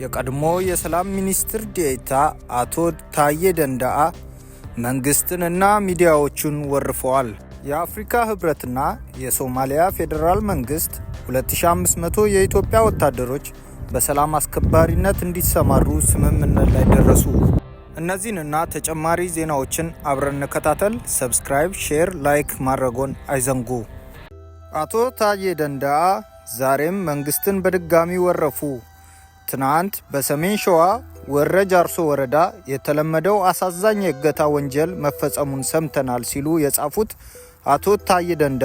የቀድሞ የሰላም ሚኒስትር ዴታ አቶ ታዬ ደንዳአ መንግስትንና ሚዲያዎቹን ወርፈዋል። የአፍሪካ ህብረትና የሶማሊያ ፌዴራል መንግስት 2500 የኢትዮጵያ ወታደሮች በሰላም አስከባሪነት እንዲሰማሩ ስምምነት ላይ ደረሱ። እነዚህንና ተጨማሪ ዜናዎችን አብረን እንከታተል። ሰብስክራይብ፣ ሼር፣ ላይክ ማድረጎን አይዘንጉ። አቶ ታዬ ደንዳአ ዛሬም መንግስትን በድጋሚ ወረፉ። ትናንት በሰሜን ሸዋ ወረ ጃርሶ ወረዳ የተለመደው አሳዛኝ የእገታ ወንጀል መፈጸሙን ሰምተናል ሲሉ የጻፉት አቶ ታይ ደንዳ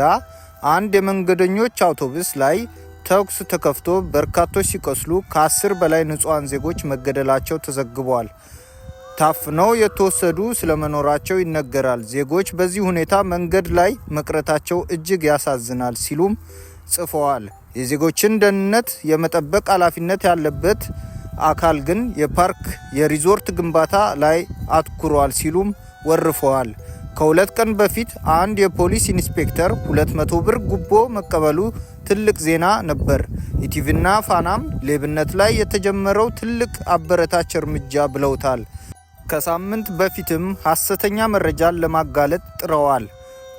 አንድ የመንገደኞች አውቶቡስ ላይ ተኩስ ተከፍቶ በርካቶች ሲቆስሉ ከአስር በላይ ንጹሐን ዜጎች መገደላቸው ተዘግቧል። ታፍነው የተወሰዱ ስለመኖራቸው ይነገራል። ዜጎች በዚህ ሁኔታ መንገድ ላይ መቅረታቸው እጅግ ያሳዝናል ሲሉም ጽፈዋል። የዜጎችን ደህንነት የመጠበቅ ኃላፊነት ያለበት አካል ግን የፓርክ የሪዞርት ግንባታ ላይ አትኩሯል ሲሉም ወርፈዋል። ከሁለት ቀን በፊት አንድ የፖሊስ ኢንስፔክተር 200 ብር ጉቦ መቀበሉ ትልቅ ዜና ነበር። ኢቲቪና ፋናም ሌብነት ላይ የተጀመረው ትልቅ አበረታች እርምጃ ብለውታል። ከሳምንት በፊትም ሐሰተኛ መረጃን ለማጋለጥ ጥረዋል።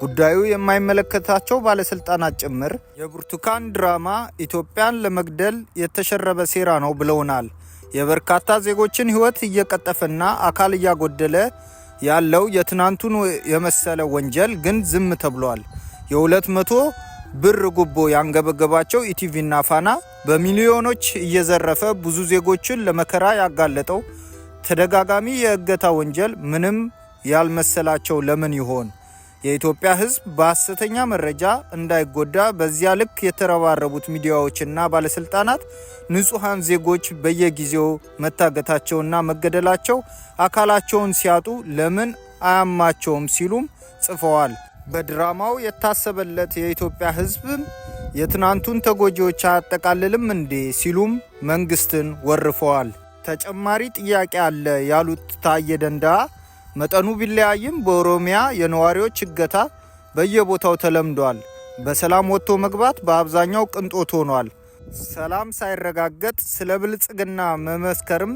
ጉዳዩ የማይመለከታቸው ባለስልጣናት ጭምር የብርቱካን ድራማ ኢትዮጵያን ለመግደል የተሸረበ ሴራ ነው ብለውናል። የበርካታ ዜጎችን ሕይወት እየቀጠፈና አካል እያጎደለ ያለው የትናንቱን የመሰለ ወንጀል ግን ዝም ተብሏል። የሁለት መቶ ብር ጉቦ ያንገበገባቸው ኢቲቪና ፋና በሚሊዮኖች እየዘረፈ ብዙ ዜጎችን ለመከራ ያጋለጠው ተደጋጋሚ የእገታ ወንጀል ምንም ያልመሰላቸው ለምን ይሆን? የኢትዮጵያ ሕዝብ በሐሰተኛ መረጃ እንዳይጎዳ በዚያ ልክ የተረባረቡት ሚዲያዎችና ባለስልጣናት ንጹሐን ዜጎች በየጊዜው መታገታቸውና መገደላቸው አካላቸውን ሲያጡ ለምን አያማቸውም ሲሉም ጽፈዋል። በድራማው የታሰበለት የኢትዮጵያ ሕዝብም የትናንቱን ተጎጂዎች አያጠቃልልም እንዴ ሲሉም መንግስትን ወርፈዋል። ተጨማሪ ጥያቄ አለ ያሉት ታዬ ደንደአ መጠኑ ቢለያይም በኦሮሚያ የነዋሪዎች እገታ በየቦታው ተለምዷል። በሰላም ወጥቶ መግባት በአብዛኛው ቅንጦት ሆኗል። ሰላም ሳይረጋገጥ ስለ ብልጽግና መመስከርም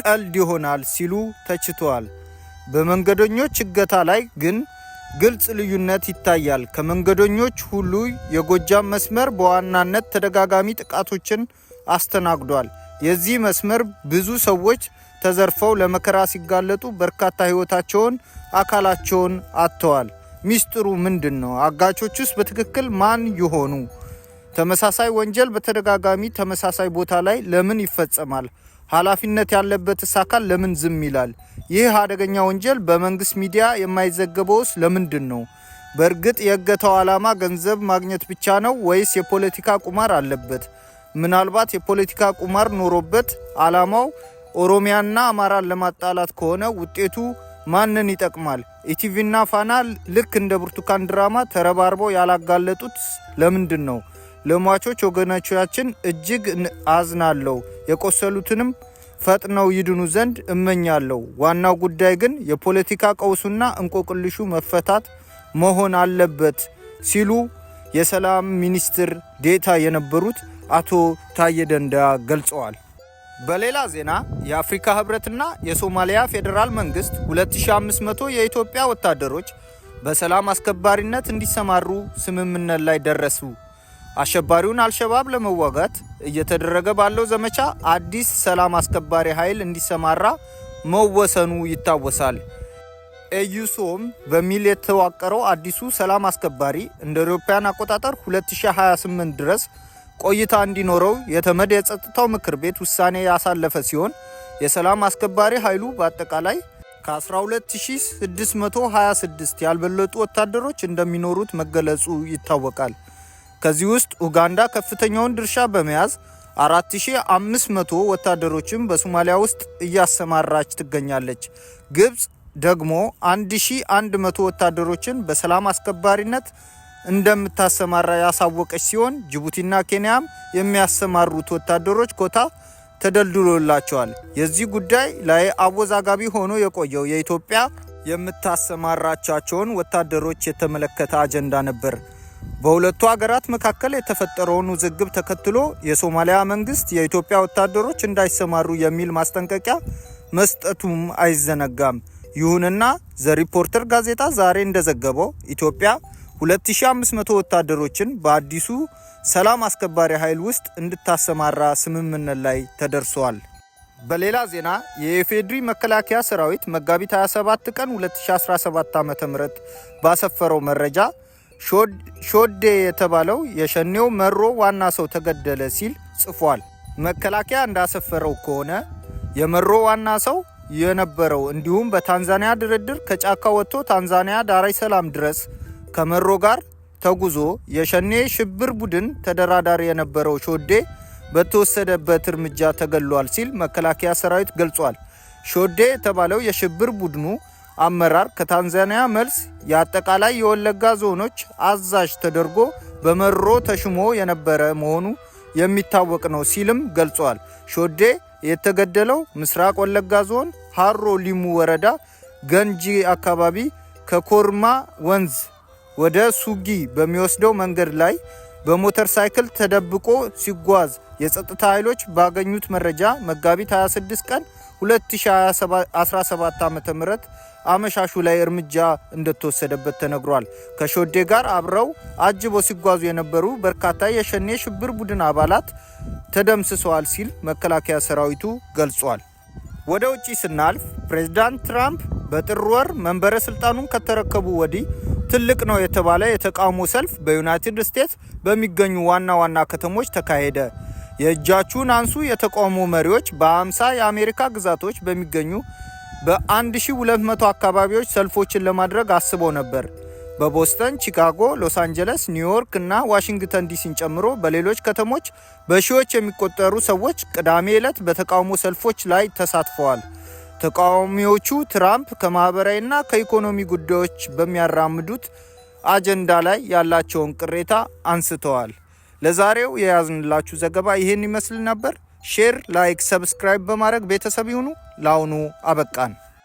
ቀልድ ይሆናል ሲሉ ተችተዋል። በመንገደኞች እገታ ላይ ግን ግልጽ ልዩነት ይታያል። ከመንገደኞች ሁሉ የጎጃም መስመር በዋናነት ተደጋጋሚ ጥቃቶችን አስተናግዷል። የዚህ መስመር ብዙ ሰዎች ተዘርፈው ለመከራ ሲጋለጡ በርካታ ህይወታቸውን፣ አካላቸውን አጥተዋል። ሚስጥሩ ምንድን ነው? አጋቾቹስ በትክክል ማን ይሆኑ? ተመሳሳይ ወንጀል በተደጋጋሚ ተመሳሳይ ቦታ ላይ ለምን ይፈጸማል? ኃላፊነት ያለበትስ አካል ለምን ዝም ይላል? ይህ አደገኛ ወንጀል በመንግስት ሚዲያ የማይዘገበውስ ለምንድን ነው? በእርግጥ የእገታው ዓላማ ገንዘብ ማግኘት ብቻ ነው ወይስ የፖለቲካ ቁማር አለበት? ምናልባት የፖለቲካ ቁማር ኖሮበት አላማው ኦሮሚያና አማራን ለማጣላት ከሆነ ውጤቱ ማንን ይጠቅማል? ኢቲቪና ፋና ልክ እንደ ብርቱካን ድራማ ተረባርበው ያላጋለጡት ለምንድን ነው? ለሟቾች ወገኖቻችን እጅግ አዝናለሁ። የቆሰሉትንም ፈጥነው ይድኑ ዘንድ እመኛለሁ። ዋናው ጉዳይ ግን የፖለቲካ ቀውሱና እንቆቅልሹ መፈታት መሆን አለበት ሲሉ የሰላም ሚኒስትር ዴታ የነበሩት አቶ ታዬ ደንደአ ገልጸዋል። በሌላ ዜና የአፍሪካ ህብረትና የሶማሊያ ፌዴራል መንግስት 2500 የኢትዮጵያ ወታደሮች በሰላም አስከባሪነት እንዲሰማሩ ስምምነት ላይ ደረሱ። አሸባሪውን አልሸባብ ለመዋጋት እየተደረገ ባለው ዘመቻ አዲስ ሰላም አስከባሪ ኃይል እንዲሰማራ መወሰኑ ይታወሳል። ኤዩሶም በሚል የተዋቀረው አዲሱ ሰላም አስከባሪ እንደ አውሮፓውያን አቆጣጠር 2028 ድረስ ቆይታ እንዲኖረው የተመድ የጸጥታው ምክር ቤት ውሳኔ ያሳለፈ ሲሆን የሰላም አስከባሪ ኃይሉ በአጠቃላይ ከ12626 ያልበለጡ ወታደሮች እንደሚኖሩት መገለጹ ይታወቃል። ከዚህ ውስጥ ኡጋንዳ ከፍተኛውን ድርሻ በመያዝ 4500 ወታደሮችን በሶማሊያ ውስጥ እያሰማራች ትገኛለች። ግብፅ ደግሞ 1100 ወታደሮችን በሰላም አስከባሪነት እንደምታሰማራ ያሳወቀች ሲሆን ጅቡቲና ኬንያም የሚያሰማሩት ወታደሮች ኮታ ተደልድሎላቸዋል። የዚህ ጉዳይ ላይ አወዛጋቢ ሆኖ የቆየው የኢትዮጵያ የምታሰማራቻቸውን ወታደሮች የተመለከተ አጀንዳ ነበር። በሁለቱ ሀገራት መካከል የተፈጠረውን ውዝግብ ተከትሎ የሶማሊያ መንግስት የኢትዮጵያ ወታደሮች እንዳይሰማሩ የሚል ማስጠንቀቂያ መስጠቱም አይዘነጋም። ይሁንና ዘ ሪፖርተር ጋዜጣ ዛሬ እንደዘገበው ኢትዮጵያ 2500 ወታደሮችን በአዲሱ ሰላም አስከባሪ ኃይል ውስጥ እንድታሰማራ ስምምነት ላይ ተደርሷል። በሌላ ዜና የኢፌዴሪ መከላከያ ሰራዊት መጋቢት 27 ቀን 2017 ዓ ም ባሰፈረው መረጃ ሾዴ የተባለው የሸኔው መሮ ዋና ሰው ተገደለ ሲል ጽፏል። መከላከያ እንዳሰፈረው ከሆነ የመሮ ዋና ሰው የነበረው እንዲሁም በታንዛኒያ ድርድር ከጫካ ወጥቶ ታንዛኒያ ዳሬ ሰላም ድረስ ከመሮ ጋር ተጉዞ የሸኔ ሽብር ቡድን ተደራዳሪ የነበረው ሾዴ በተወሰደበት እርምጃ ተገሏል ሲል መከላከያ ሰራዊት ገልጿል። ሾዴ የተባለው የሽብር ቡድኑ አመራር ከታንዛኒያ መልስ የአጠቃላይ የወለጋ ዞኖች አዛዥ ተደርጎ በመሮ ተሽሞ የነበረ መሆኑ የሚታወቅ ነው ሲልም ገልጿል። ሾዴ የተገደለው ምስራቅ ወለጋ ዞን ሃሮ ሊሙ ወረዳ ገንጂ አካባቢ ከኮርማ ወንዝ ወደ ሱጊ በሚወስደው መንገድ ላይ በሞተር ሳይክል ተደብቆ ሲጓዝ የጸጥታ ኃይሎች ባገኙት መረጃ መጋቢት 26 ቀን 2017 ዓ ም አመሻሹ ላይ እርምጃ እንደተወሰደበት ተነግሯል። ከሾዴ ጋር አብረው አጅበው ሲጓዙ የነበሩ በርካታ የሸኔ ሽብር ቡድን አባላት ተደምስሰዋል ሲል መከላከያ ሰራዊቱ ገልጿል። ወደ ውጪ ስናልፍ ፕሬዚዳንት ትራምፕ በጥር ወር መንበረ ስልጣኑን ከተረከቡ ወዲህ ትልቅ ነው የተባለ የተቃውሞ ሰልፍ በዩናይትድ ስቴትስ በሚገኙ ዋና ዋና ከተሞች ተካሄደ። የእጃችሁን አንሱ የተቃውሞ መሪዎች በአምሳ የአሜሪካ ግዛቶች በሚገኙ በ1200 አካባቢዎች ሰልፎችን ለማድረግ አስበው ነበር። በቦስተን፣ ቺካጎ፣ ሎስ አንጀለስ፣ ኒውዮርክ እና ዋሽንግተን ዲሲን ጨምሮ በሌሎች ከተሞች በሺዎች የሚቆጠሩ ሰዎች ቅዳሜ ዕለት በተቃውሞ ሰልፎች ላይ ተሳትፈዋል። ተቃዋሚዎቹ ትራምፕ ከማህበራዊና ከኢኮኖሚ ጉዳዮች በሚያራምዱት አጀንዳ ላይ ያላቸውን ቅሬታ አንስተዋል። ለዛሬው የያዝንላችሁ ዘገባ ይህን ይመስል ነበር። ሼር፣ ላይክ፣ ሰብስክራይብ በማድረግ ቤተሰብ ይሁኑ። ለአሁኑ አበቃን።